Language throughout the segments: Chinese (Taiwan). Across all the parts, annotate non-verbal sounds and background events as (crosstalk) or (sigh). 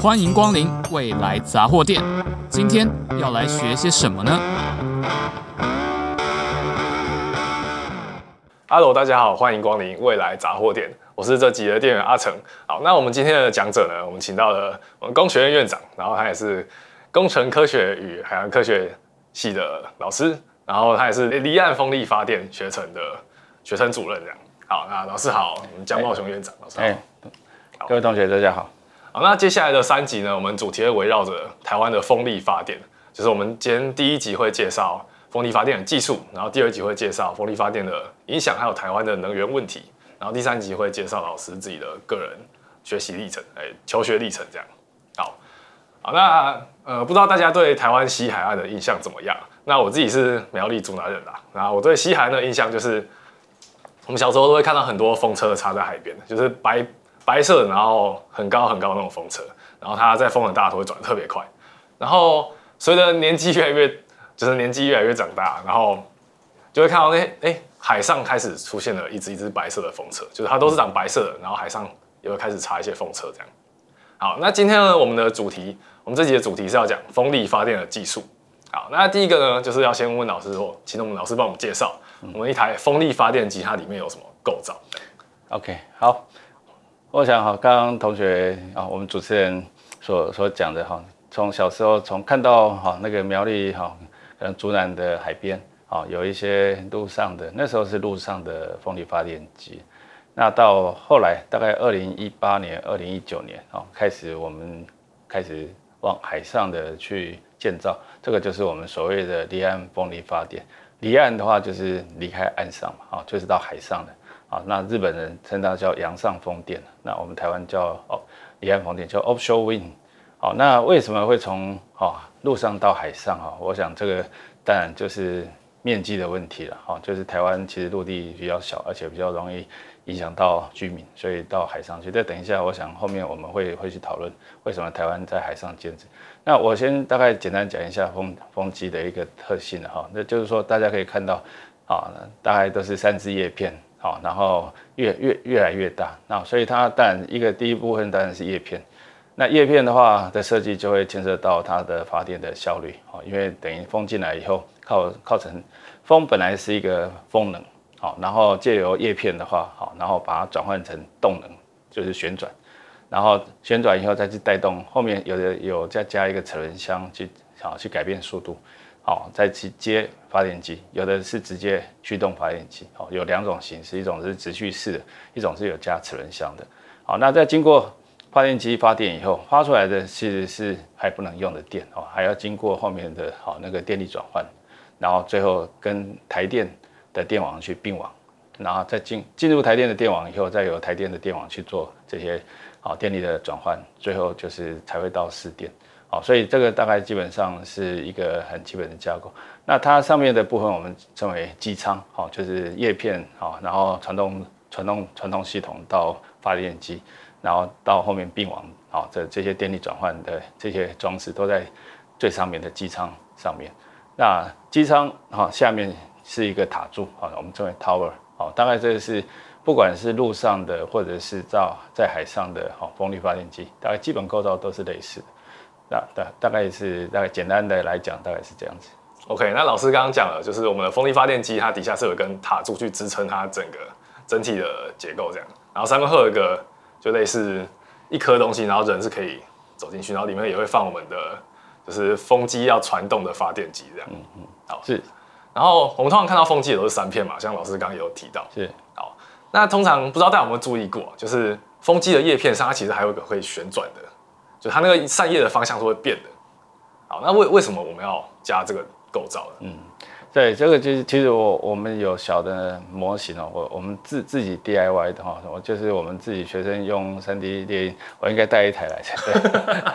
歡迎光臨未來雜貨店，今天要來學些什麼呢？Hello，大家好，歡迎光臨未來雜貨店，我是這集的店員阿城。好，那我們今天的講者呢？我們請到了我們工學院院長，然後他也是工程科學與海洋科學系的老師，然後他也是離岸風力發電學程的學生主任。這樣，好，那老師好，我們江茂雄院長、哎、老師好、哎哎，好，各位同學，大家好。好，那接下來的三集呢？我們主題會圍繞着台灣的風力發電，就是我們今天第一集會介紹風力發電的技術，然後第二集會介紹風力發電的影響，還有台灣的能源問題，然後第三集會介紹老師自己的個人學習歷程，哎、欸，求學歷程這樣。好，好，那呃，不知道大家對台灣西海岸的印象怎麼樣？那我自己是苗栗竹南人啦，然後我對西海岸的印象就是，我們小時候都會看到很多風車的插在海邊的，就是白。白色，然後很高很高的那種風車，然後它在風很大的時候會轉得特別快。然後隨着年紀越來越，就是年紀越來越長大，然後就會看到，哎、欸、哎、欸，海上開始出現了一隻一隻白色的風車，就是它都是長白色的，然後海上也會開始插一些風車這樣。好，那今天呢，我們的主題，我們這集的主題是要講風力發電的技術。好，那第一個呢，就是要先問老師說，請我們老師幫我們介紹，我們一台風力發電機它裡面有什麼構造？OK，好。我想哈，剛剛同學啊，我們主持人所所講的哈，從小時候從看到哈那個苗栗哈，可能竹南的海邊啊，有一些陸上的，那時候是陸上的風力發電機。那到後來大概二零一八年、二零一九年啊，開始我們開始往海上的去建造，這個就是我們所謂的離岸風力發電。離岸的話就是離開岸上嘛，啊，就是到海上的。啊，那日本人稱它叫洋上風電，那我們台灣叫哦，離岸風電叫 offshore wind。好，那為什麼會從啊陸上到海上啊？我想這個當然就是面積的問題了。好，哦，就是台灣其實陸地比較小，而且比較容易影響到居民，所以到海上去。再等一下，我想後面我們會會去討論為什麼台灣在海上建置。那我先大概簡單講一下風風機的一個特性了哈，哦，那就是說大家可以看到，啊，哦，大概都是三隻葉片。好，然後越越越來越大，那所以它但一個第一部分當然是葉片，那葉片的話的設計就會牽涉到它的發電的效率，好，因為等於風進來以後靠靠成風本來是一個風能，好，然後借由葉片的話，好，然後把它轉換成動能，就是旋轉，然後旋轉以後再去帶動後面有的有再加一個齒輪箱去好，去改變速度。哦，再去接發電機，有的是直接驅動發電機，哦，有兩種形式，一種是直驅式的，一種是有加齒輪箱的。好，那在經過發電機發電以後，發出來的其實是還不能用的電，哦，還要經過後面的好那個電力轉換，然後最後跟台電的電網去並網，然後再進進入台電的電網以後，再由台電的電網去做這些好電力的轉換，最後就是才會到市電。好，所以這個大概基本上是一個很基本的架構。那它上面的部分我們稱為機艙，好，就是葉片，好，然後傳動、傳動、傳動系統到發電機，然後到後面並網，好，這這些電力轉換的這些裝置都在最上面的機艙上面。那機艙，好，下面是一個塔柱，好，我們稱為 tower，好，大概這個是不管是陸上的或者是造在海上的，好，風力發電機大概基本構造都是類似的。大大大概是大概簡單的來講，大概是這樣子。OK，那老師剛剛講了，就是我們的風力發電機，它底下是有根塔柱去支撐它整個整體的結構這樣。然後上面還有一個就類似一顆東西，然後人是可以走進去，然後裡面也會放我們的就是風機要傳動的發電機這樣。嗯嗯，好是。然後我們通常看到風機也都是三片嘛，像老師剛剛也有提到是。好，那通常不知道大家有沒有注意過，就是風機的葉片上，它其實還有一個會旋轉的。就它那個扇葉的方向是會變的，好，那為為什麼我們要加這個構造呢？嗯，對，這個其、就、實、是、其實我我們有小的模型哦、喔，我我們自自己 D I Y 的哈、喔，我就是我們自己學生用三 D 列印，我應該帶一台來的，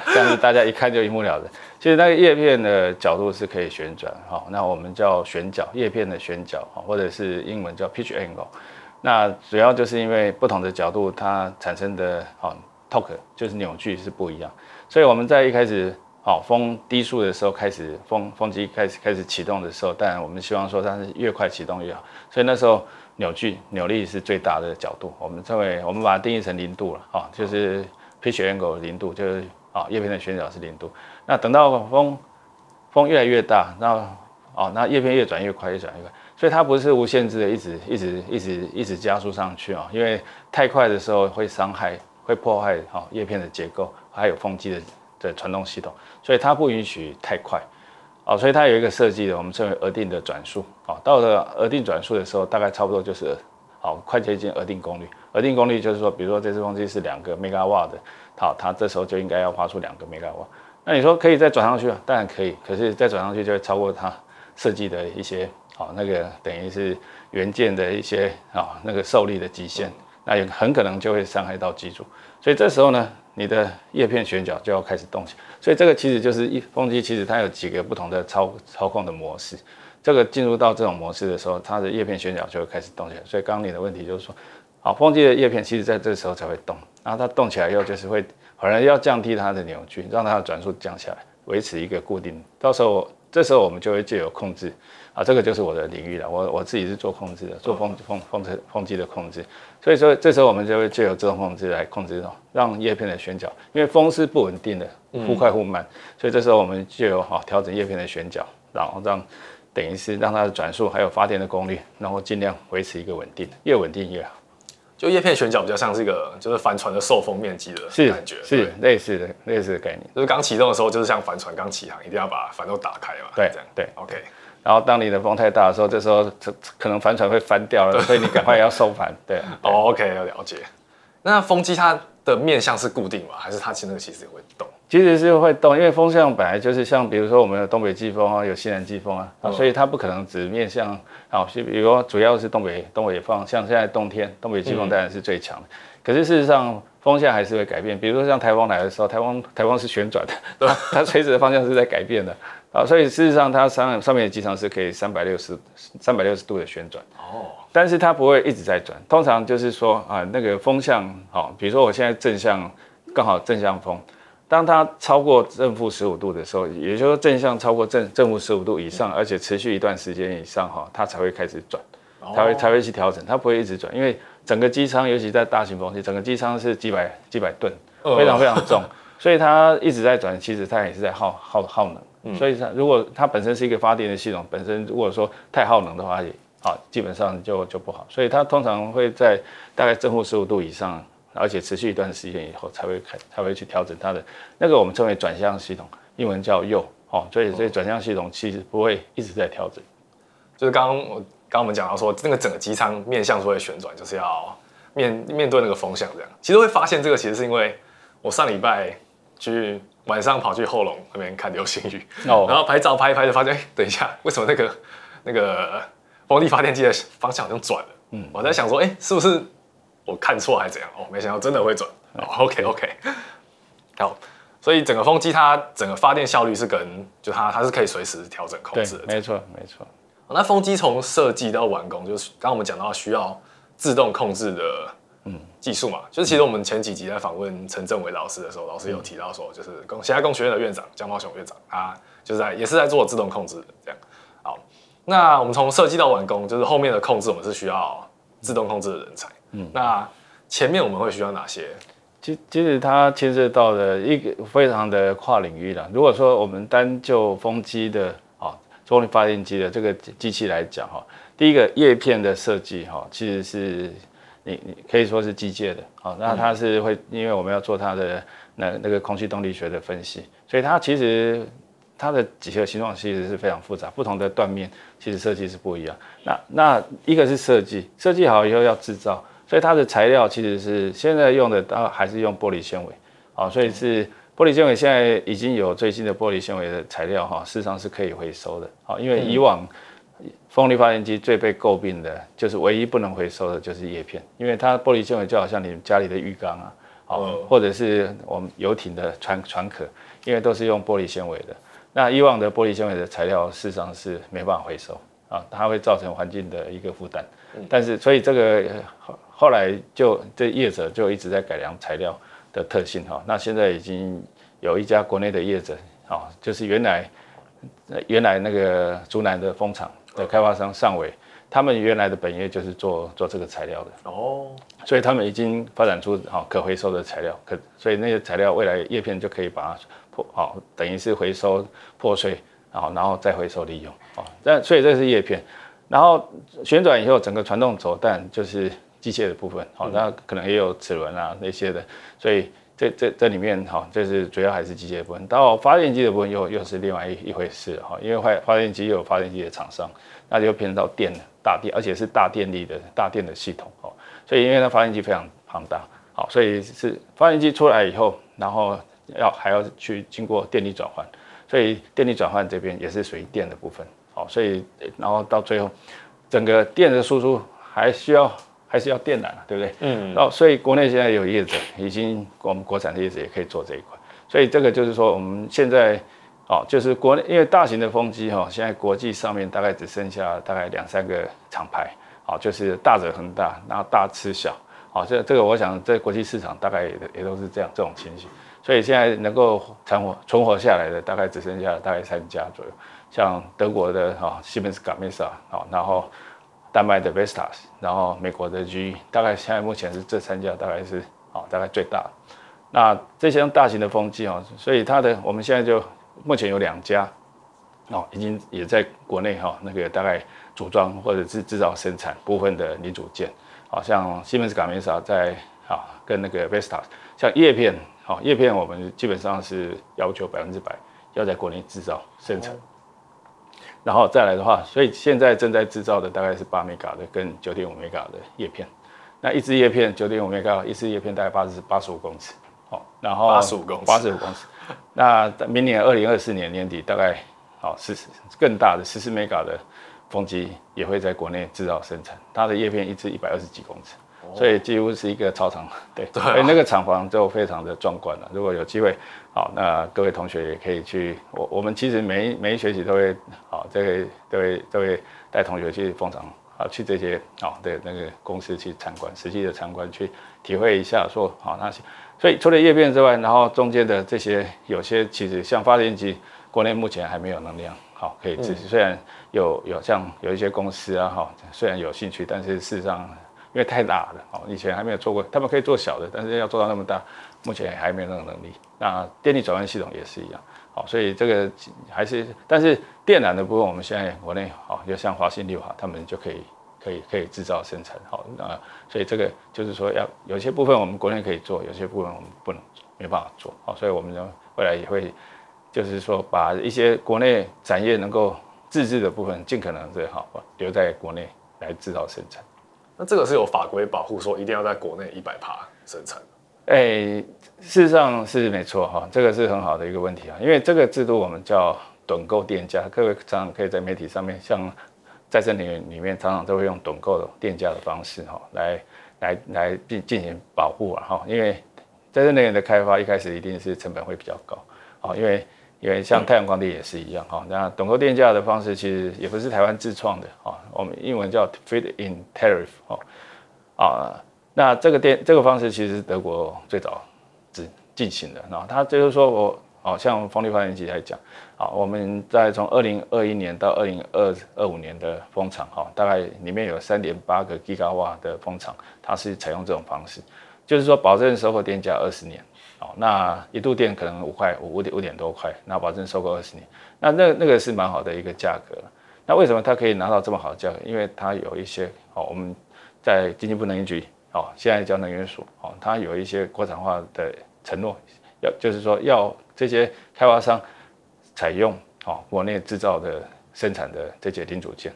這樣子大家一看就一目了然。其實那個葉片的角度是可以旋轉，哈、喔，那我們叫旋角，葉片的旋角，哈、喔，或者是英文叫 Pitch Angle。那主要就是因為不同的角度，它產生的，哈、喔。Talk 就是扭矩是不一樣，所以我們在一開始，好、哦、風低速的時候開始風風機開始開始啟動的時候，當然我們希望說它是越快啟動越好，所以那時候扭矩扭力是最大的角度，我們稱為我們把它定義成零度了，哦，就是 pitch angle 零度就是啊葉、哦、片的旋角是零度，那等到風風越來越大，那哦那葉片越轉越快越轉越快，所以它不是無限制的一直一直一直一直，一直加速上去啊、哦，因為太快的時候會傷害。會破壞好葉片的結構，還有風機的的傳動系統，所以它不允許太快，哦，所以它有一個設計的，我們稱為額定的轉速，啊，哦，到了額定轉速的時候，大概差不多就是好，哦，快接近額定功率，額定功率就是說，比如說這只風機是兩個兆瓦的，好，哦，它這時候就應該要發出兩個兆瓦，那你說可以再轉上去啊，當然可以，可是再轉上去就會超過它設計的一些好，哦，那個等於是元件的一些，哦，那個受力的極限。嗯那也很可能就會傷害到機組，所以這時候呢，你的葉片旋角，就要開始動起來。所以這個其實就是一風機，其實它有幾個不同的操操控的模式。這個進入到這種模式的時候，它的葉片旋角，就會開始動起來。所以剛剛你的問題就是說，好，風機的葉片其實在這時候才會動。然後它動起來以後，就是會反而要降低它的扭矩，讓它的轉速降下來，維持一個固定。到時候這時候我們就會藉由控制。啊，這個就是我的領域了。我我自己是做控制的，做風風風車風機的控制，所以說這時候我們就會藉由自動控制來控制這種讓葉片的旋角，因為風是不穩定的，忽快忽慢、嗯，所以這時候我們就有好調、啊、整葉片的旋角，然後讓等於是讓它的轉速還有發電的功率，然後盡量維持一個穩定，越穩定越好。就葉片旋角比較像是、這、一個就是帆船的受風面積的感覺，是，是類似的類似的概念，就是剛啟動的時候就是像帆船剛啟航，一定要把帆都打開嘛，對，這樣對，OK。然後當你的風太大的時候，這時候可能帆船會翻掉了，所以你趕快要收帆。對，對、oh,，OK，要了解。那風機它的面向是固定嗎？還是它其實其實也會動？其實是會動，因為風向本來就是像比如說我們的東北季風啊，有西南季風啊,、嗯、啊，所以它不可能只面向。好、啊，比如說主要是東北東北風，像現在冬天東北季風當然是最強的、嗯。可是事實上風向還是會改變，比如說像台風來的時候，台風台風是旋轉的對，它垂直的方向是在改變的。啊，所以事實上，它上上面的機艙是可以三百六十三百六十度的旋轉。哦、oh.。但是它不會一直在轉，通常就是說啊，那個風向哈、哦，比如說我現在正向剛好正向風，當它超過正負十五度的時候，也就是說正向超過正正負十五度以上，而且持續一段時間以上哈、哦，它才會開始轉，才會才會去調整，它不會一直轉，因為整個機艙，尤其在大型風機，整個機艙是幾百幾百噸，非常非常重，oh. 所以它一直在轉，其實它也是在耗耗耗能。嗯、所以，它如果它本身是一個發電的系統，本身如果說太耗能的話也，也、哦、基本上就就不好。所以它通常會在大概正負十五度以上，而且持續一段時間以後才會開，才會去調整它的那個我們稱為轉向系統，英文叫 yaw 哦。所以，這轉向系統其實不會一直在調整。就是剛剛我剛我們講到說，那個整個機艙面向說有的旋轉，就是要面面對那個風向這樣。其實我會發現這個，其實是因為我上禮拜去。晚上跑去後龍那邊看流星雨，oh, 然後拍照拍一拍就發現，欸、等一下，為什麼那個那個風力發電機的方向好像轉了？嗯，我在想說，哎、欸，是不是我看錯還是怎樣？哦、oh,，沒想到真的會轉。Oh, OK OK，好，所以整個風機它整個發電效率是跟就它它是可以隨時調整控制的。對，沒錯沒錯、哦。那風機從設計到完工，就是剛剛我們講到需要自動控制的。技術嘛，就是其實我們前幾集在訪問陳正偉老師的時候，老師有提到說，就是工現在工學院的院長江茂雄院長，他就在也是在做自動控制的這樣。好，那我們從設計到完工，就是後面的控制，我們是需要自動控制的人才。嗯，那前面我們會需要哪些？其其實它牽涉到了一個非常的跨領域啦。如果說我們單就風機的啊，風力發電機的這個機器來講哈、哦，第一個葉片的設計哈、哦，其實是。你你可以說是機械的，好，那它是會因為我們要做它的那那個空氣動力學的分析，所以它其實它的幾何形狀其實是非常複雜，不同的斷面其實設計是不一樣。那那一個是設計，設計好以後要製造，所以它的材料其實是現在用的它還是用玻璃纖維，啊。所以是玻璃纖維現在已經有最新的玻璃纖維的材料哈，事實上是可以回收的，啊，因為以往。風力發電機最被詬病的就是唯一不能回收的，就是葉片，因為它玻璃纖維就好像你們家裡的浴缸啊，好、哦，或者是我們遊艇的船船殼，因為都是用玻璃纖維的。那以往的玻璃纖維的材料，事實上是沒辦法回收啊，它會造成環境的一個負擔。但是，所以這個後後來就這業者就一直在改良材料的特性哈、啊。那現在已經有一家國內的業者，啊，就是原來原來那個竹南的風場。對，開發商上緯，他們原來的本業就是做做這個材料的哦，oh. 所以他們已經發展出好、哦、可回收的材料，可所以那些材料未來葉片就可以把它破好、哦，等於是回收破碎好，然後再回收利用哦。那所以這是葉片，然後旋轉以後整個傳動軸但就是機械的部分好，那、哦嗯、可能也有齒輪啊那些的，所以。這這這裡面好，這是主要還是機械的部分。到發電機的部分又又是另外一一回事哈，因為發發電機又有發電機的廠商，那就變成到電，大電，而且是大電力的大電的系統哦。所以因為它發電機非常龐大，好，所以是發電機出來以後，然後要還要去經過電力轉換，所以電力轉換這邊也是屬於電的部分。好，所以然後到最後，整個電的輸出還需要。還是要電纜了，對不對？嗯，然後所以國內現在有業者，已經我們國產的業者也可以做這一塊，所以這個就是說我們現在哦，就是國內因為大型的風機哈、哦，現在國際上面大概只剩下大概兩三個廠牌，好、哦，就是大者恆大，然後大吃小，好、哦，這這個我想在國際市場大概也也都是這樣這種情形，所以現在能夠存活存活下來的大概只剩下大概三家左右，像德國的哈、哦、西門斯卡米薩、卡梅薩哈，然後。丹麥的 Vestas，然後美國的 GE，大概現在目前是這三家大概是啊、哦、大概最大的。那這些大型的風機哦，所以它的我們現在就目前有兩家哦，已經也在國內哈、哦、那個大概組裝或者是制造生產部分的零組件。好、哦、像西門子卡梅薩在啊、哦、跟那個 Vestas，像葉片哦，葉片我們基本上是要求百分之百要在國內制造生產。嗯然後再來的話，所以現在正在製造的大概是八 m e g a 的跟九點五 m e g a 的葉片。那一支葉片九點五 m e g a 一支葉片大概八十八十五公尺哦。然後八十五公尺，八十五公尺。 (laughs) 那明年二零二四年年底，大概好十、哦、更大的十四 m e g a 的風機也會在國內製造生產。它的葉片一支一百二十幾公尺。所以幾乎是一個操場，對，對、哦，以、欸、那個廠房就非常的壯觀了。如果有機會，好，那各位同學也可以去。我我們其實每一每一學期都會，好，這會都會都會帶同學去風場好、啊，去這些，好，對，那個公司去參觀，實際的參觀去體會一下，說，好，那些。所以除了葉片之外，然後中間的這些有些其實像發電機，國內目前還沒有能量。好，可以支持、嗯、雖然有有像有一些公司啊，好，雖然有興趣，但是事實上。因為太大了，哦，以前還沒有做過，他們可以做小的，但是要做到那麼大，目前還沒有那種能力。那電力轉換系統也是一樣，好，所以這個還是，但是電纜的部分，我們現在國內，好，就像華新麗華，他們就可以，可以，可以製造生產，好，啊，所以這個就是說，要有些部分我們國內可以做，有些部分我們不能做，沒辦法做，好，所以我們未來也會，就是說把一些國內產業能夠自制的部分，盡可能最好留在國內來製造生產。這個是有法規保護，說一定要在國內一百趴生產。哎、欸，事實上是沒錯哈、哦，這個是很好的一個問題啊，因為這個制度我們叫“躉購電價”，各位常常可以在媒體上面，像在再生能源裡面常常都會用“躉購的電價”的方式哈、哦，來來來並進行保護啊哈，因為在再生能源的開發一開始一定是成本會比較高、哦、因為。因為像太陽光電也是一樣哈、哦，那躉購電價的方式其實也不是台灣自創的哈、哦，我們英文叫 feed-in tariff 哦，啊、哦，那這個電這個方式其實德國最早是進行的，那、哦、他就是說我哦，像風力發電機來講，啊、哦，我們在從二零二一年到二零二五年的風場哈、哦，大概裡面有三點八個吉瓦的風場，它是採用這種方式，就是說保證收購電價二十年。那一度電可能五塊五五點多塊，那保證收購二十年，那那那個是蠻好的一個價格。那為什麼它可以拿到這麼好的價格？因為它有一些哦，我們在經濟部能源局哦，現在叫能源署，哦，它有一些國產化的承諾，要就是說要這些開發商採用哦國內製造的生產的這些零組件，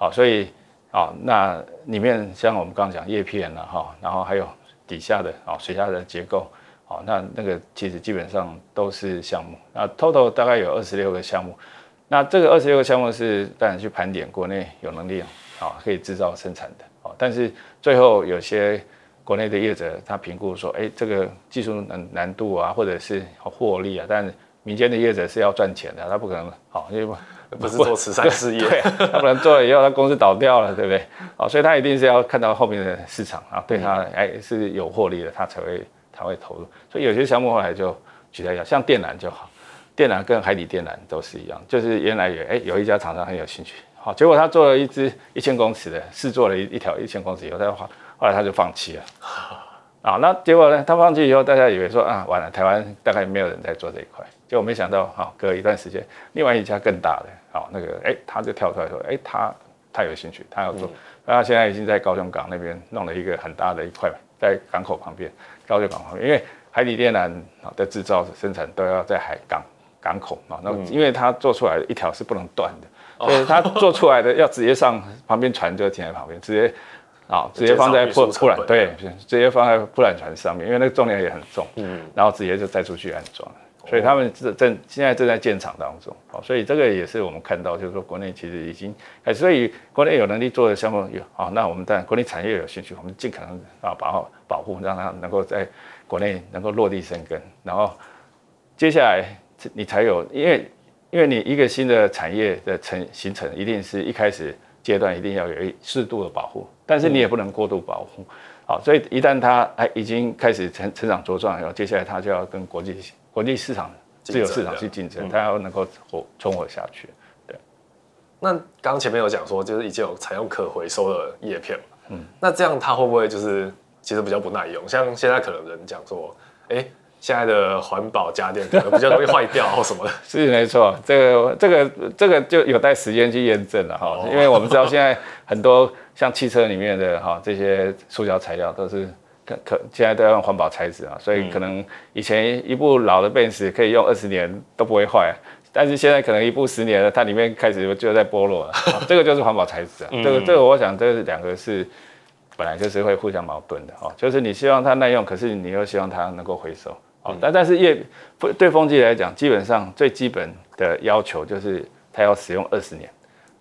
哦，所以哦那裡面像我們剛剛講葉片了、啊、哈、哦，然後還有底下的哦水下的結構。好，那那個其實基本上都是項目，那 total 大概有二十六個項目，那這個二十六個項目是當然去盤點國內有能力、啊，好、啊、可以製造生產的、啊，但是最後有些國內的業者他評估說，哎、欸，這個技術難難度啊，或者是獲利啊，但民間的業者是要賺錢的，他不可能好，因、啊、為不，不，不是做慈善事業， (laughs) 他不能做了以後他公司倒掉了，對不對？好、啊，所以他一定是要看到後面的市場啊，對他哎、欸、是有獲利的，他才會。才會投入，所以有些項目後來就取代一下，像電纜就好，電纜跟海底電纜都是一樣，就是原來有、哎、有一家廠商很有興趣，好、哦，結果他做了一支一千公尺的，試做了一一條一千公尺以後，他後後來他就放棄了、哦，那結果呢？他放棄以後，大家以為說啊，完了台灣大概沒有人在做這一塊，結果沒想到，好、哦、隔一段時間，另外一家更大的，好、哦、那個、哎、他就跳出來說，哎他他有興趣，他要做、嗯，他現在已經在高雄港那邊弄了一個很大的一塊，在港口旁邊。高雄港旁邊，因為海底電纜啊的製造生產都要在海港港口啊，那因為它做出來的一條是不能斷的、嗯，所以它做出來的要直接上旁邊船就停在旁邊，直接啊、哦、直接放在鋪鋪纜，對，直接放在鋪纜船上面，因為那個重量也很重，嗯，然後直接就載出去安裝。所以他們正正現在正在建廠當中，好，所以這個也是我們看到，就是說國內其實已經，哎，所以國內有能力做的項目有，好，那我們對國內產業有興趣，我們盡可能啊把它保護，讓它能夠在國內能夠落地生根，然後接下來你才有，因為因為你一個新的產業的成形成，一定是一開始階段一定要有適度的保護，但是你也不能過度保護，好，所以一旦它哎已經開始成成長茁壯，然後接下來它就要跟國際。國際市場，自由市場去競爭，競爭，它要能夠活，存活下去，對。那剛剛前面有講說，就是已經有採用可回收的葉片，嗯，那這樣它會不會就是其實比較不耐用？像現在可能人講說，哎、欸，現在的環保家電可能比較容易壞掉 (laughs) 或什麼的。是沒錯，這個這個這個就有待時間去驗證了哈、哦，因為我們知道現在很多像汽車裡面的哈這些塑膠材料都是。可現在都要用環保材質啊，所以可能以前一部老的賓士，可以用二十年都不會壞，啊，但是現在可能一部十年了，它裡面開始就在剝落了，啊。 (laughs) 這個就是環保材質啊， (laughs) 嗯、這個這個我想這兩個是本來就是會互相矛盾的哦，啊，就是你希望它耐用，可是你又希望它能夠回收哦，但但是葉對風機來講，基本上最基本的要求就是它要使用二十年。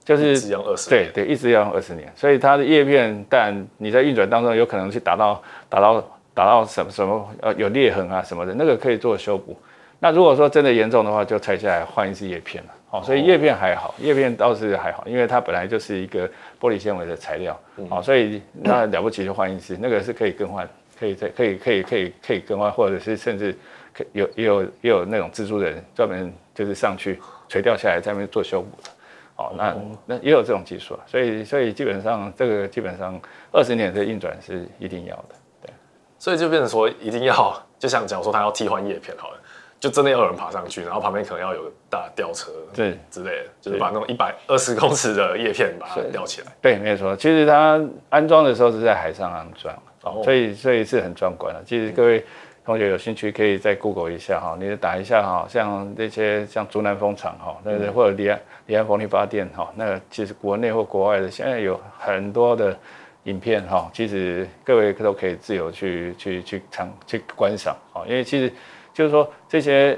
就是二十年，對對，一直要用二十年，所以它的葉片，但你在運轉當中有可能去打到打到打到什麼什麼呃、啊、有裂痕啊什麼的，那個可以做修補。那如果說真的嚴重的話，就拆下來換一次葉片了。哦、所以葉片還好，葉、哦、片倒是還好，因為它本來就是一個玻璃纖維的材料。好、嗯哦，所以那了不起就換一次。那個是可以更換，可以對，可以可以可以可以更換，或者是甚至可有也有也有那種蜘蛛的人專門就是上去垂掉下來在那邊做修補的。哦，那那也有這種技術啊，所以所以基本上這個基本上二十年的運轉是一定要的，對，所以就變成說一定要，就像講說他要替換葉片好了，就真的要有人爬上去，然後旁邊可能要有大吊車，對之類的，就是把那種一百二十公尺的葉片把它吊起來，對，沒錯，其實它安裝的時候是在海上安裝，哦哦，所以所以是很壯觀的，其實各位。嗯同學有興趣可以在 Google 一下哈，你打一下哈，像那些像竹南風場哈，那或者離離岸風力發電哈，那其實國內或國外的現在有很多的影片哈，其實各位都可以自由去去去去觀賞哈，因為其實就是說這些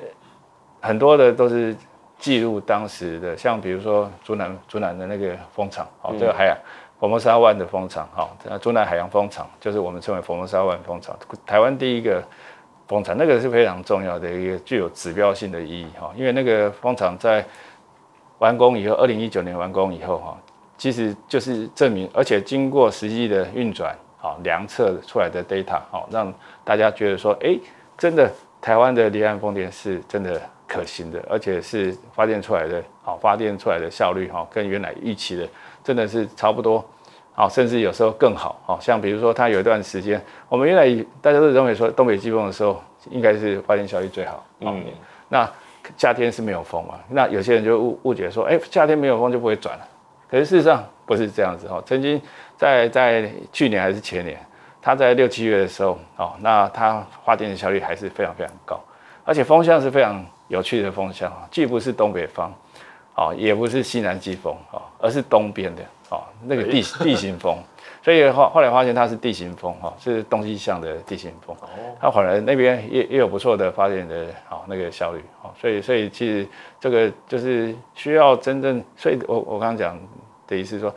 很多的都是記錄當時的，像比如說竹南竹南的那個風場，好，這個海洋福爾摩沙灣的風場哈、啊，竹南海洋風場就是我們稱為福爾摩沙灣風場，台灣第一個。風場那個是非常重要的一個具有指標性的意義哈，因為那個風場在完工以後，二零一九年完工以後哈，其實就是證明，而且經過實際的運轉啊，量測出來的 data 哈，讓大家覺得說，哎、欸，真的台灣的離岸風電是真的可行的，而且是發電出來的，好發電出來的效率哈，跟原來預期的真的是差不多。甚至有時候更好。哦。像比如說，它有一段時間，我們原來大家都認為說，東北季風的時候應該是發電效率最好。嗯，那夏天是沒有風嘛？那有些人就誤誤解說，哎、欸，夏天沒有風就不會轉了。可是事實上不是這樣子。哈，曾經在在去年還是前年，它在六七月的時候，哦，那它發電的效率還是非常非常高，而且風向是非常有趣的風向，既不是東北方，哦，也不是西南季風，哦，而是東邊的。哦，那個地、欸、 (laughs) 地形風，所以後後來發現它是地形風，哈、哦，是東西向的地形風。哦，它反而那邊也也有不錯的發電的，好、哦、那個效率，哦，所以所以其實這個就是需要真正，所以我我剛剛講的意思說，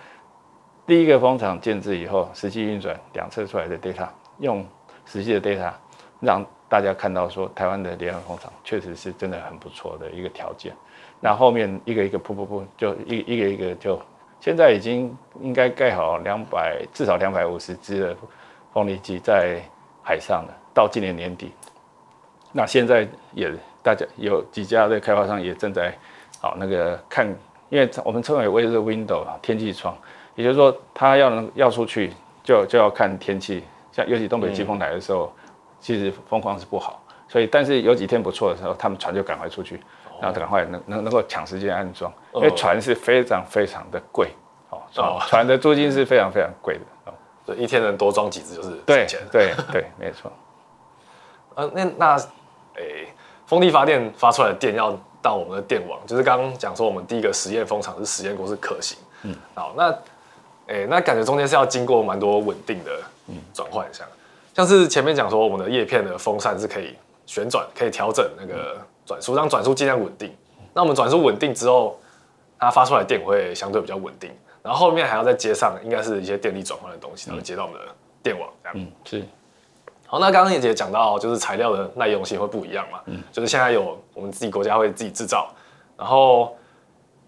第一個風場建置以後，實際運轉兩側出來的 data，用實際的 data 讓大家看到說，台灣的聯合風場確實是真的很不錯的一個條件，那後面一個一個噗噗噗，就一一個一個就。現在已經應該蓋好兩百，至少兩百五十支的風力機在海上了。到今年年底，那現在也大家有幾家的開發商也正在，好、哦、那個看，因為我們稱為 weather window 天氣窗，也就是說，他要能要出去就，就就要看天氣，像尤其東北季風來的時候，嗯、其實風況是不好，所以但是有幾天不錯的時候，他們船就趕快出去。然後可能能能能夠搶時間安裝、嗯，因為船是非常非常的貴、嗯、哦，船的租金是非常非常貴的、嗯、哦。對，一天能多裝幾隻就是對、嗯、對對，對，對，對，對，對，對，對，沒錯。那那誒、欸，風力發電發出來的電要到我們的電網，就是剛剛講說我們第一個實驗風場是實驗過是可行，嗯，好，那誒、欸，那感覺中間是要經過蠻多穩定的轉換，像、嗯、像是前面講說我們的葉片的風扇是可以旋轉，可以調整那個。嗯手速，轉速儘量穩定。那我們轉速穩定之後，它發出來的電會相對比較穩定。然後後面還要再接上，應該是一些電力轉換的東西，然後接到我們的電網。這樣嗯，嗯，是。好，那剛剛也也講到，就是材料的耐用性會不一樣嘛。嗯，就是現在有我們自己國家會自己製造，然後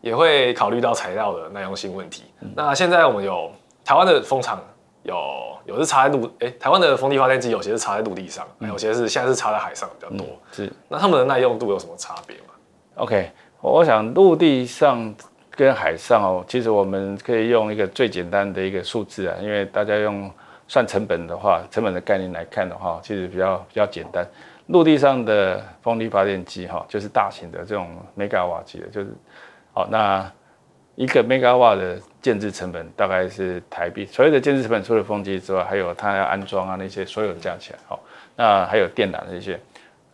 也會考慮到材料的耐用性問題。嗯、那現在我們有台灣的風場。有，有是插在陸，哎、欸，台灣的風力發電機有些是插在陸地上，有些是現在是插在海上比較多，嗯。是，那他們的耐用度有什麼差別嗎？OK，我想陸地上跟海上哦，喔，其實我們可以用一個最簡單的一個數字啊，因為大家用算成本的話，成本的概念來看的話，其實比較比較簡單。陸地上的風力發電機哈，喔，就是大型的這種 megawatt 級的，就是，好，那一個 megawatt 的。建置成本大概是台幣，所謂的建置成本除了風機之外，還有它要安裝啊那些，所有的加起來，好、哦，那還有電纜那些，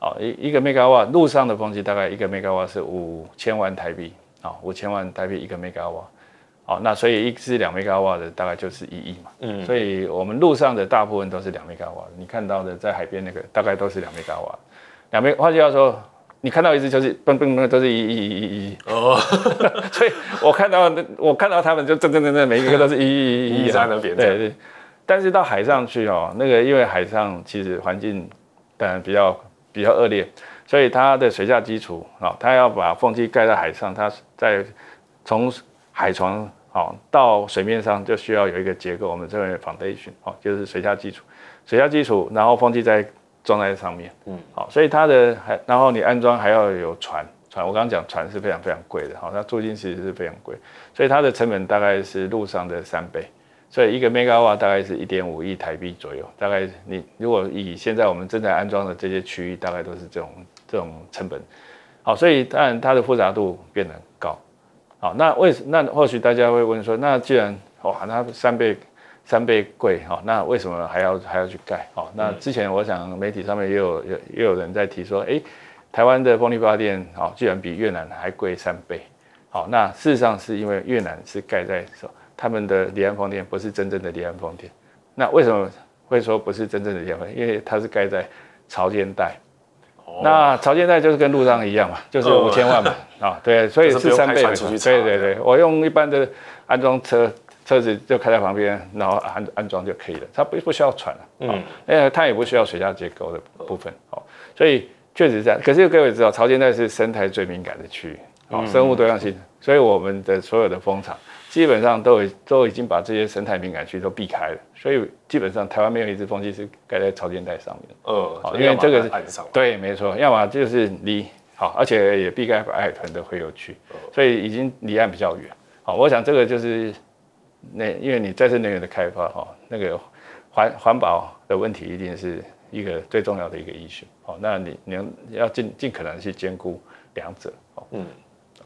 好、哦，一一個 megawatt 陸上的風機大概一個 megawatt 是五千萬台幣，好、哦，五千萬台幣一個 megawatt，好、哦，那所以一支兩 megawatt 的大概就是一億嘛，嗯，嗯，所以我們陸上的大部分都是兩 megawatt，你看到的在海邊那個大概都是兩 megawatt 兩邊，換句話說。你看到一隻就是嘣嘣嘣，都是一一一一一哦 (laughs) (laughs) 所以我看到那我看到他們就真真正正，每一個都是一一一一三的扁的，對對，但是到海上去哦，那個因為海上其實環境當然比較比較惡劣，所以它的水下基礎啊、哦，它要把風機蓋在海上，它在從海床啊、哦、到水面上就需要有一個結構，我們稱為 foundation 哦，就是水下基礎，水下基礎，然後風機在。裝在上面，嗯，好，所以它的還，然後你安裝還要有船，船，我剛剛講船是非常非常貴的，好，它租金其實是非常貴，所以它的成本大概是陸上的三倍，所以一個 megawatt 大概是一點五億台幣左右，大概你如果以現在我們正在安裝的這些區域，大概都是這種這種成本，好，所以當然它的複雜度變得很高，好，那為什那或許大家會問說，那既然哦，那三倍三倍貴哦，那為什麼還要還要去蓋哦、嗯？那之前我想媒體上面也有有也有人在提說，哎、欸，台灣的風力發電哦，居然比越南還貴三倍。好、哦，那事實上是因為越南是蓋在說他們的離岸風電不是真正的離岸風電。那為什麼會說不是真正的離岸風電？因為它是蓋在潮間帶、哦。那潮間帶就是跟陸上一樣嘛，就是五千萬嘛啊、哦 (laughs) 哦？對，所以是三倍是出去。對對對，我用一般的安裝車。車子就開在旁邊，然後安安裝就可以了，它不不需要船了，嗯，它也不需要水下結構的部分，好、嗯，所以確實是這樣。可是各位也知道，潮間帶是生態最敏感的區域，好、嗯，生物多樣性，所以我們的所有的風場基本上都都已經把這些生態敏感區都避開了，所以基本上台灣沒有一支風機是蓋在潮間帶上面的，嗯、呃，好，因為這個是，對，沒錯，要麼就是離好，而且也避開白海豚的洄游區，所以已經離岸比較遠，好，我想這個就是。那因為你再生能源的開發哈，那個環環保的問題一定是一個最重要的一個 issue。好，那你你要盡盡可能去兼顧兩者。嗯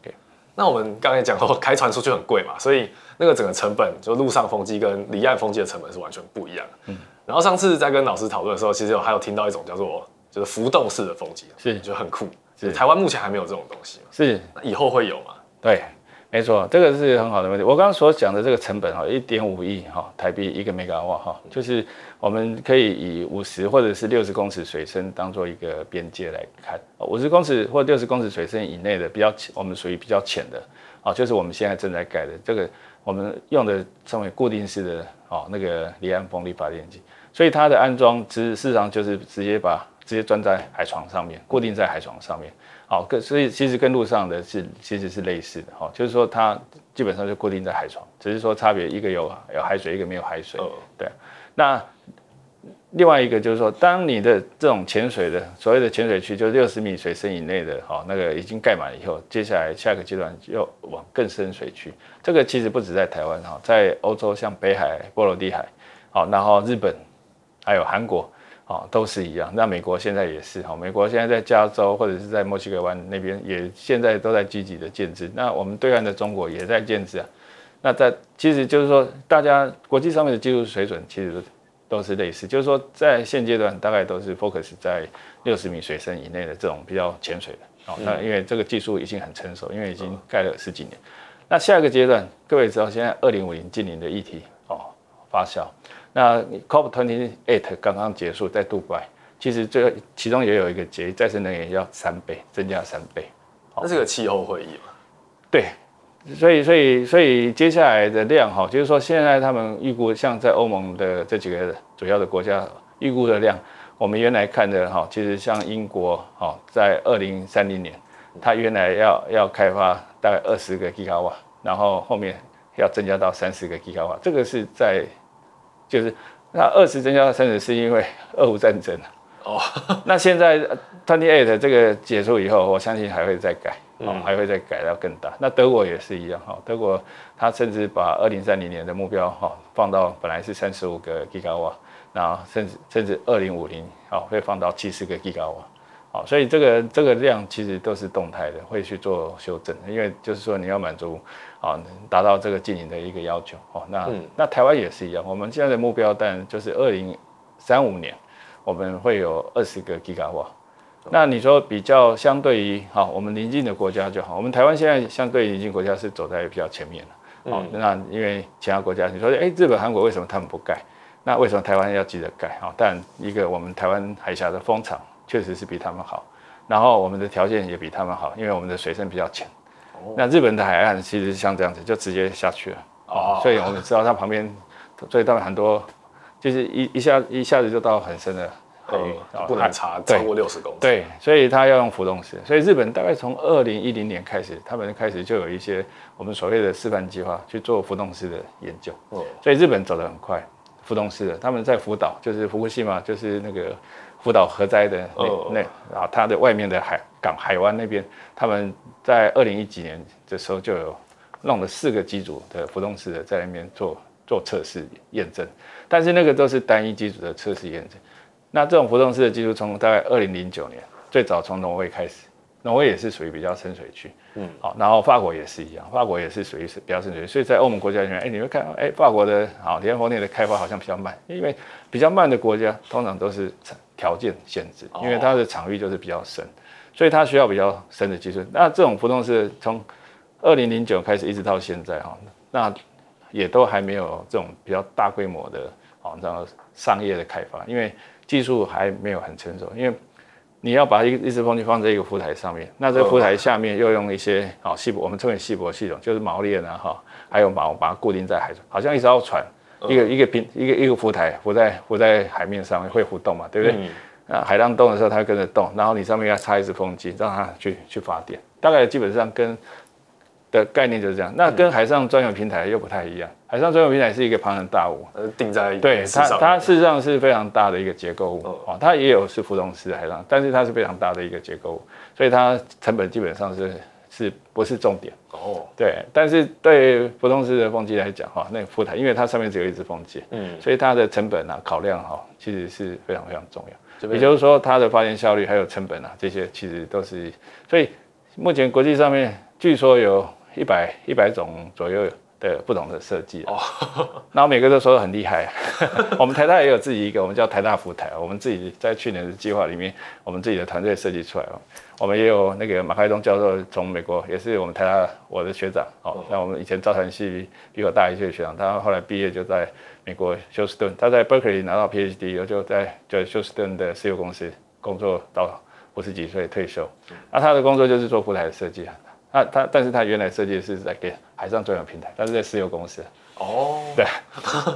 ，OK。那我們剛才講說開船出去很貴嘛，所以那個整個成本，就陸上風機跟離岸風機的成本是完全不一樣的。嗯。然後上次在跟老師討論的時候，其實我還有聽到一種叫做就是浮動式的風機，是我覺得很酷。是。台灣目前還沒有這種東西嘛。是。那以後會有嘛？對。沒錯，這個是很好的問題。我剛剛所講的這個成本哈，一點五億哈台幣一個 MW 哈，就是我們可以以五十或者是六十公尺水深當做一個邊界來看。五十公尺或六十公尺水深以內的比較淺，我們屬於比較淺的啊，就是我們現在正在蓋的這個，我們用的稱為固定式的哦，那個離岸風力發電機，所以它的安裝其實事實上就是直接把直接鑽在海床上面，固定在海床上面。好，所以其實跟陸上的是其實是類似的哈，就是說它基本上就固定在海床，只是說差別一個有有海水，一個沒有海水。Oh. 對。那另外一個就是說，當你的這種淺水的所謂的淺水區，就是六十米水深以內的哈，那個已經蓋滿以後，接下來下個階段要往更深水區。這個其實不止在台灣哈，在歐洲像北海、波羅的海，好，然後日本還有韓國。都是一樣。那美國現在也是哈，美國現在在加州或者是在墨西哥灣那邊，也現在都在積極的建制。那我們對岸的中國也在建制啊。那在其實就是說，大家國際上面的技術水準其實都是類似，就是說在現階段大概都是 focus 在六十米水深以內的這種比較淺水的。哦，那因為這個技術已經很成熟，因為已經蓋了十幾年。嗯、那下一個階段，各位知道現在二零五零淨零的議題哦發酵。那 COP28 剛剛結束在杜拜其實這其中也有一個結再生能源要三倍增加三倍，那是個氣候會議嘛？對，所以所以所以接下來的量哈、哦，就是說現在他們預估像在歐盟的這幾個主要的國家預估的量，我們原來看的哈、哦，其實像英國哈、哦，在二零三零年，它原來要要開發大概二十個吉瓦，然後後面要增加到三十個吉瓦，這個是在。就是那二十增加到三十，是因為俄烏戰爭哦，那現在 twenty eight 這個結束以後，我相信還會再改，還會再改到更大。那德國也是一樣，哈，德國他甚至把二零三零年的目標，哈，放到本來是三十五個 gigawatt，然後甚至甚至二零五零，好，會放到七十個 gigawatt。好，所以這個這個量其實都是動態的，會去做修正，因為就是說你要滿足，啊，達到這個經營的一個要求。哦，那、嗯、那台灣也是一樣，我們現在的目標當然就是二零三五年，我們會有二十個吉瓦、嗯。那你說比較相對於，好，我們鄰近的國家就好，我們台灣現在相對於鄰近國家是走在比較前面的、哦嗯。那因為其他國家，你說，哎、欸，日本、韓國為什麼他們不蓋？那為什麼台灣要急着蓋？好、哦，但一個我們台灣海峽的風場。確實是比他們好，然後我們的條件也比他們好，因為我們的水深比較淺。Oh. 那日本的海岸其實是像這樣子，就直接下去了。哦、oh. 嗯、所以我們知道它旁邊，所以他們很多就是一一下一下子就到很深的海域，呃、不難查，超過六十公里。對，所以他要用浮動式。所以日本大概從二零一零年開始，他們開始就有一些我們所謂的示範計劃去做浮動式的研究。哦、oh.。所以日本走得很快，浮動式的，他們在福島，就是福島系嘛，就是那個。福島核災的那那，啊，它的外面的海港海灣那邊，他們在二零一幾年的時候就有弄了四個機組的浮動式的在那邊做做測試驗證，但是那個都是單一機組的測試驗證。那這種浮動式的機組從大概二零零九年最早從挪威開始，挪威也是屬於比較深水區，嗯，好，然後法國也是一樣，法國也是屬於比較深水區，所以在歐盟國家裡面，哎，你會看到，哎，法國的好連風電的開發好像比較慢，因為比較慢的國家通常都是。條件限制，因為它的場域就是比較深，oh. 所以它需要比較深的技術。那這種浮動式從二零零九開始一直到現在啊，那也都還沒有這種比較大規模的啊，這商業的開發，因為技術還沒有很成熟。因為你要把一一支風機放在一個浮台上面，那這個浮台下面又用一些啊細、oh. 哦、我們稱為繫泊系統，就是錨鏈啊哈，還有錨把它固定在海上，好像一艘船。一個一個平一個一個浮台，浮在浮在海面上會浮動嘛，對不對、嗯？啊，海浪動的時候它會跟着動，然後你上面要插一支風機，讓它去去發電，大概基本上跟的概念就是這樣。那跟海上專用平台又不太一樣，海上專用平台是一個龐然大物，定在對、欸，它它事實上是非常大的一個結構物哦、嗯啊，它也有是浮動式的海浪，但是它是非常大的一個結構物，所以它成本基本上是是不是重點。哦、oh.，對，但是對浮動式的風機來講，哈，那個浮台，因為它上面只有一隻風機，嗯，所以它的成本啊考量，哈、啊，其實是非常非常重要。也就是說，它的發電效率還有成本啊，這些其實都是，所以目前國際上面據說有一百一百種左右。對，不同的設計，那、oh. 我每個都說都很厲害。 (laughs) 我們台大也有自己一個，我們叫台大浮台，我們自己在去年的計劃裡面，我們自己的團隊設計出來了。我們也有那個馬開東教授從美國，也是我們台大我的學長哦，oh. 像我們以前造船系比我大一些學長，他後來畢業就在美國休斯頓，他在 Berkeley 拿到 PhD，又後就在就休斯頓的石油公司工作到五十幾歲退休，那他的工作就是做浮台的設計啊。那他，但是他原來設計的是在給海上專用平台，但是在石油公司。哦、oh，對，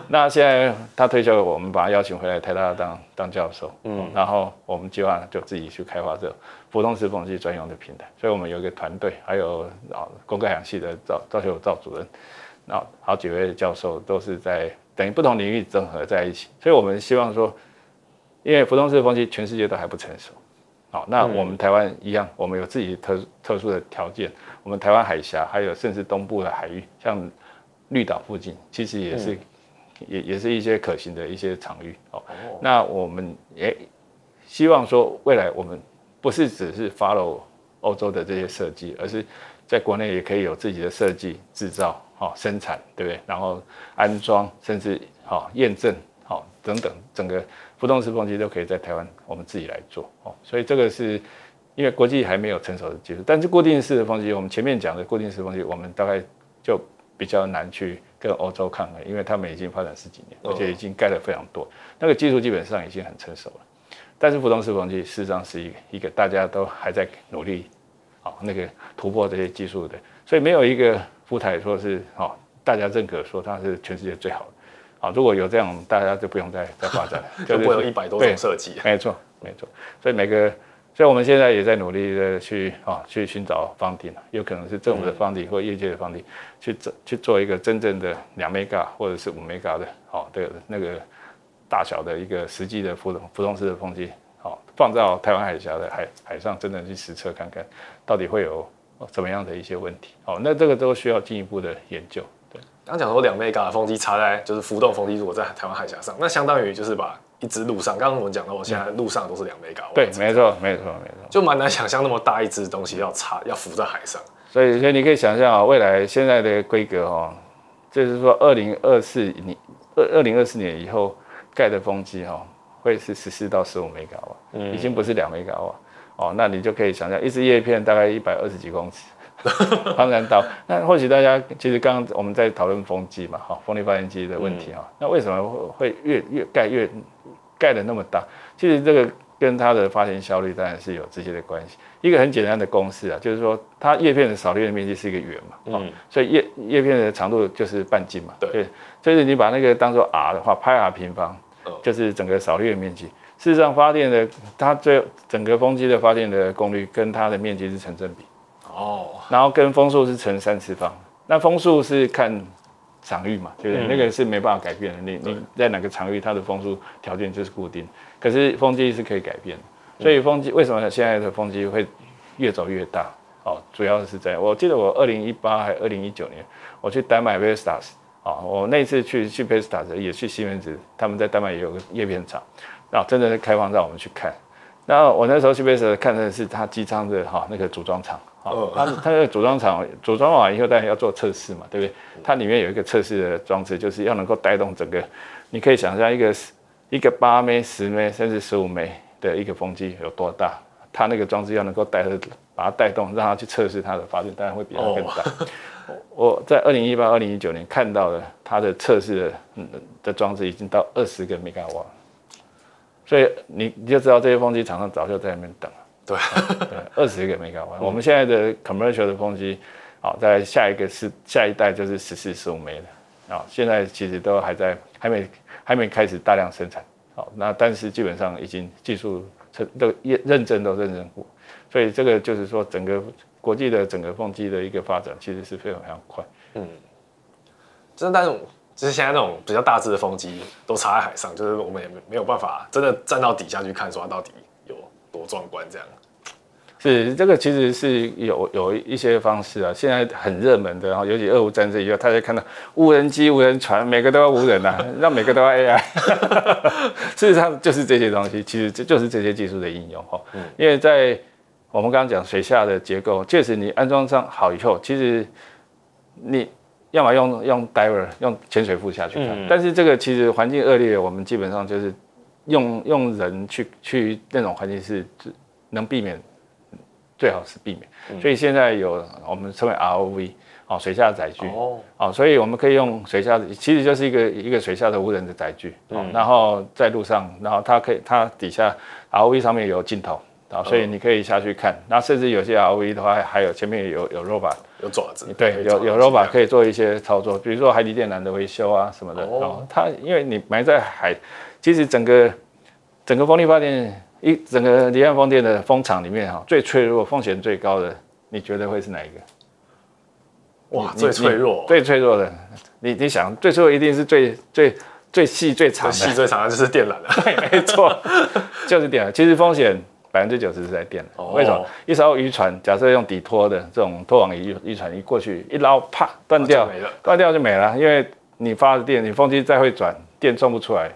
那現在他退休了，我們把他邀請回來台大，大當當教授。嗯，哦、然後我們計劃就自己去開發這浮動式風機專用的平台，所以我們有一個團隊，還有工科海洋系的趙趙學武趙主任，那好幾位教授都是在等於不同領域整合在一起，所以我們希望說，因為浮動式風機全世界都還不成熟。好，那我們台灣一樣、嗯，我們有自己特特殊的條件。我們台灣海峽，還有甚至東部的海域，像綠島附近，其實也是、嗯、也也是一些可行的一些場域。哦，那我們也希望說，未來我們不是只是 follow 歐洲的這些設計、嗯，而是在國內也可以有自己的設計、製造、哦，生產，對不對？然後安裝，甚至好、哦、驗證，好、哦、等等，整個。浮動式風機都可以在台灣我們自己來做哦，所以這個是因為國際還沒有成熟的技術，但是固定式的風機，我們前面講的固定式風機，我們大概就比較難去跟歐洲抗衡，因為他們已經發展十幾年，而且已經蓋了非常多，那個技術基本上已經很成熟了。但是浮動式風機事實上是一一個大家都還在努力哦，那個突破這些技術的，所以沒有一個浮台說是哦，大家認可說它是全世界最好的。好，如果有這樣，大家就不用再再發展了。就、是、 (laughs) 就不會有一百多種設計。沒錯，沒錯。所以每個，所以我們現在也在努力的去啊、哦，去尋找 funding，有可能是政府的 funding、嗯，或業界的 funding，去做去做一個真正的兩 mega 或者是五 mega 的，哦，對、這個，那個大小的一個實際的浮動浮動式的風機，哦，放到台灣海峽的海海上，真的去實測看看，到底會有什麼樣的一些問題。哦，那這個都需要進一步的研究。剛講說兩 megawatt 的風機插在，就是浮動風機，如果在台灣海峽上，那相當於就是把一只陸上。剛剛我們講到，現在陸上都是兩 megawatt。對，沒錯，沒錯、嗯，沒錯。就蠻難想象那麼大一只東西要插要浮在海上。所以所以你可以想象啊、哦，未來現在的規格哈、哦，就是說二零二四年二二零二四年以後蓋的風機哈、哦，會是十四到十五 megawatt，已經不是兩 megawatt 哦，那你就可以想象一只葉片大概一百二十幾公尺。當然到那，或許大家其實剛剛我們在討論風機嘛，哈，風力發電機的問題啊、嗯，那為什麼會越越蓋越蓋的那麼大？其實這個跟它的發電效率當然是有直接的關係。一個很簡單的公式啊，就是說它葉片的掃掠的面積是一個圓嘛，嗯，所以葉葉片的長度就是半徑嘛，對，所以你把那個當做 r 的話，派 r 平方就是整個掃掠的面積、嗯。事實上，發電的它最整個風機的發電的功率跟它的面積是成正比。哦，然後跟風速是乘三次方，那風速是看場域嘛，對不對？嗯、那個是沒辦法改變的。你你在哪個場域，它的風速條件就是固定。可是風機是可以改變，所以風機為什麼現在的風機會越走越大？哦，主要是在。我記得我二零一八還是二零一九年，我去丹麥 Vestas，哦，我那次去去 Vestas 也去西門子，他們在丹麥也有個葉片廠，啊、哦，真的是開放讓我們去看。那我那時候去 Vestas 看的是它機艙的哈、哦、那個組裝廠。哦，好，它它的組裝廠組裝完以後，當然要做測試嘛，對不對？它裡面有一個測試的裝置，就是要能夠帶動整個。你可以想象一個一個八枚、十枚甚至十五枚的一個風機有多大？它那個裝置要能夠帶，把它帶動，讓它去測試它的發電，當然會比它更大。哦，我在二零一八、二零一九年看到的它的測試的、嗯、的裝置已經到二十個兆瓦，所以你你就知道這些風機廠商早就在那邊等。對， (laughs) 對，二十個 megawatt。嗯、我們現在的 commercial 的風機，好、哦，在下一個是下一代就是十四、十五枚的啊。現在其實都還在，還沒還沒開始大量生產。好、哦，那但是基本上已經技術都認認證都認證過，所以這個就是說，整個國際的整個風機的一個發展其實是非常非常快。嗯，就但是那種就是現在那種比較大致的風機都插在海上，就是我們也沒沒有辦法真的站到底下去看說它到底。多壯觀，這，這樣是這個，其實是有有一些方式啊，現在很熱門的，尤其俄烏戰爭以後，大家會看到無人機、無人船，每個都要無人啊，讓每個都要 AI， (laughs) (laughs) 事實上就是這些東西，其實這就是這些技術的應用、嗯、因為在我們剛剛講水下的結構，確實你安裝上好以後，其實你要麼用用 diver 用潛水服下去、嗯，但是這個其實環境惡劣，我們基本上就是。用用人去去那種環境是能避免，最好是避免。嗯、所以現在有我們稱為 ROV 哦，水下載具哦，哦，所以我們可以用水下，其實就是一個一個水下的無人的載具、嗯哦，然後在路上，然後它可以它底下 ROV 上面有鏡頭啊、哦，所以你可以下去看。那、嗯、甚至有些 ROV 的話，還有前面有有 Robot，有爪子，對，有有爪子有 Robot 可以做一些操作，嗯、比如說海底電纜的維修啊什麼的。哦，然後它因為你埋在海。其實整個整個風力發電，一整個離岸風電的風場裡面，哈，最脆弱、風險最高的，你覺得會是哪一個？哇，最脆弱，最脆弱的，你你想，最脆弱一定是最最最細最長的，最細最長的就是電纜了，對沒錯， (laughs) 就是電纜。其實風險百分之九十是在電纜。為什麼、哦？一艘漁船，假設用底拖的這種拖網漁漁船一過去一撈，啪，斷掉、啊，斷掉就沒了。因為你發的電，你風機再會轉，電送不出來。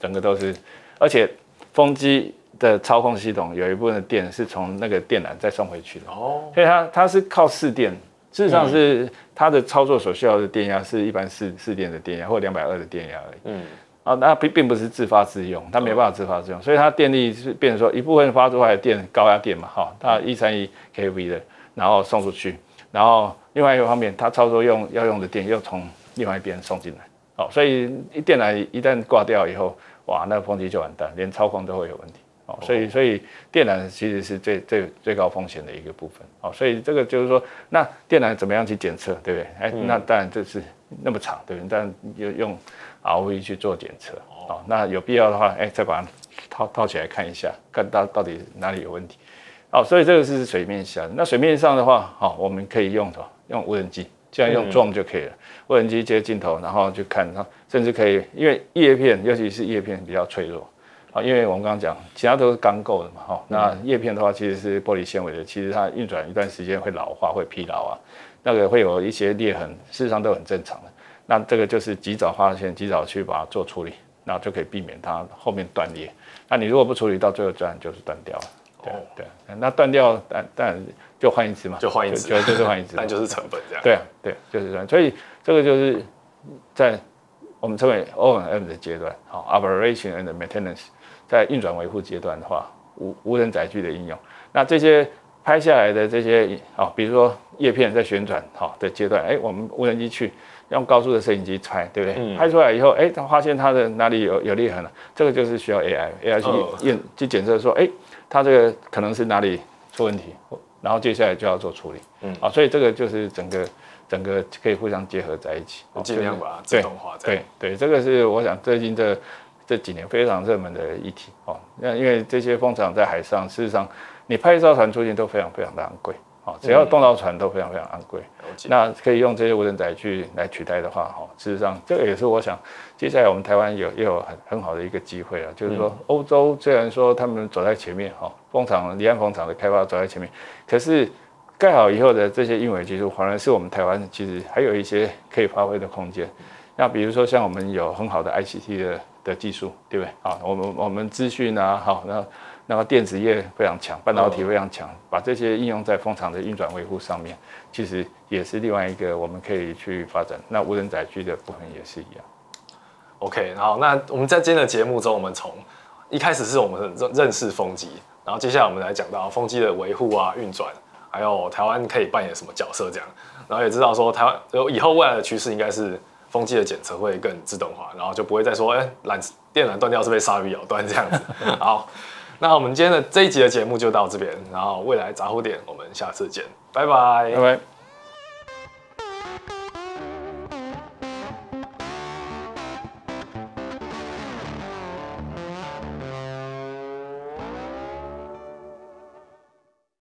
整個都是，而且風機的操控系統有一部分的電是從那個電纜再送回去的哦，所以它它是靠市電，事實上是它的操作所需要的電壓是一般市市電的電壓或兩百二的電壓而已。嗯，啊，那並並不是自發自用，它沒辦法自發自用，所以它電力是變成說一部分發出來的電高壓電嘛，哈，它一三一 kV 的，然後送出去，然後另外一個方面，它操作用要用的電又從另外一邊送進來，好，所以電纜一旦掛掉以後。哇，那風機就完蛋，連操控都會有問題哦。所以，所以電纜其實是最最最高風險的一個部分哦。所以這個就是說，那電纜怎麼樣去檢測，對不對？哎、欸，那當然就是那麼長，對不對？但又用用 ROV 去做檢測哦。那有必要的話，哎、欸，再把它套套起來看一下，看到到底哪裡有問題。哦，所以這個是水面下。那水面上的話，好、哦，我們可以用用無人機。這樣用 zoom 就可以了。無人機接鏡頭，然後去看它，甚至可以，因為葉片，尤其是葉片比較脆弱，好，因為我們剛剛講，其他都是鋼構的嘛，哈，那葉片的話其實是玻璃纖維的，其實它運轉一段時間會老化，會疲勞啊，那個會有一些裂痕，事實上都很正常的。那這個就是及早發現，及早去把它做處理，那就可以避免它後面斷裂。那你如果不處理，到最後自然就是斷掉了。對，對，對，那斷掉，但但。就換一次嘛，就換一次嘛 (laughs) 就，就換一支，就就是換一次，那就是成本這樣。對啊，對，就是這樣。所以這個就是在我們稱為 O&M 的階段，好、oh，Operation and Maintenance，在運轉維護階段的話，無無人載具的應用。那這些拍下來的這些，好、哦，比如說葉片在旋轉，好、哦，的階段，哎、欸，我們無人機去用高速的攝影機拍，對不對？嗯、拍出來以後，哎、欸，它發現它的哪裡有有裂痕了，這個就是需要 AI，AI 去驗去檢測說，哎、欸，它這個可能是哪裡出問題。然後接下來就要做處理，嗯，好、啊，所以這個就是整個整個可以互相結合在一起，盡量把它自動化在。對對，對，對，這個是我想最近這這幾年非常熱門的議題哦，那因為這些風場在海上，事實上你派一艘船出去都非常非常非常貴。哦、只要動到船都非常非常昂貴，嗯、那可以用這些無人載具來取代的話，哈、哦，事實上這個、也是我想接下來我們台灣有也有很很好的一個機會啊，就是說歐洲雖然說他們走在前面，哈、哦，風場離岸風場的開發走在前面，可是蓋好以後的這些運維技術，反而是我們台灣其實還有一些可以發揮的空間。那比如說像我們有很好的 ICT 的的技術，對不對？啊、哦，我們我們資訊啊，好、哦、那。那麼電子業非常強，半導體非常強，把這些應用在風場的運轉維護上面，其實也是另外一個我們可以去發展。那無人載具的部分也是一樣。OK，好，那我們在今天的節目中，我們從一開始是我們認認識風機，然後接下來我們來講到風機的維護啊、運轉，還有台灣可以扮演什麼角色這樣。然後也知道說，台灣以後未來的趨勢應該是風機的檢測會更自動化，然後就不會再說哎，纜、欸、電纜斷掉是被鯊魚咬斷這樣子。好。 (laughs) 那我們今天的這一集的節目就到這邊，然後未來雜貨店，我們下次見，拜拜，拜拜。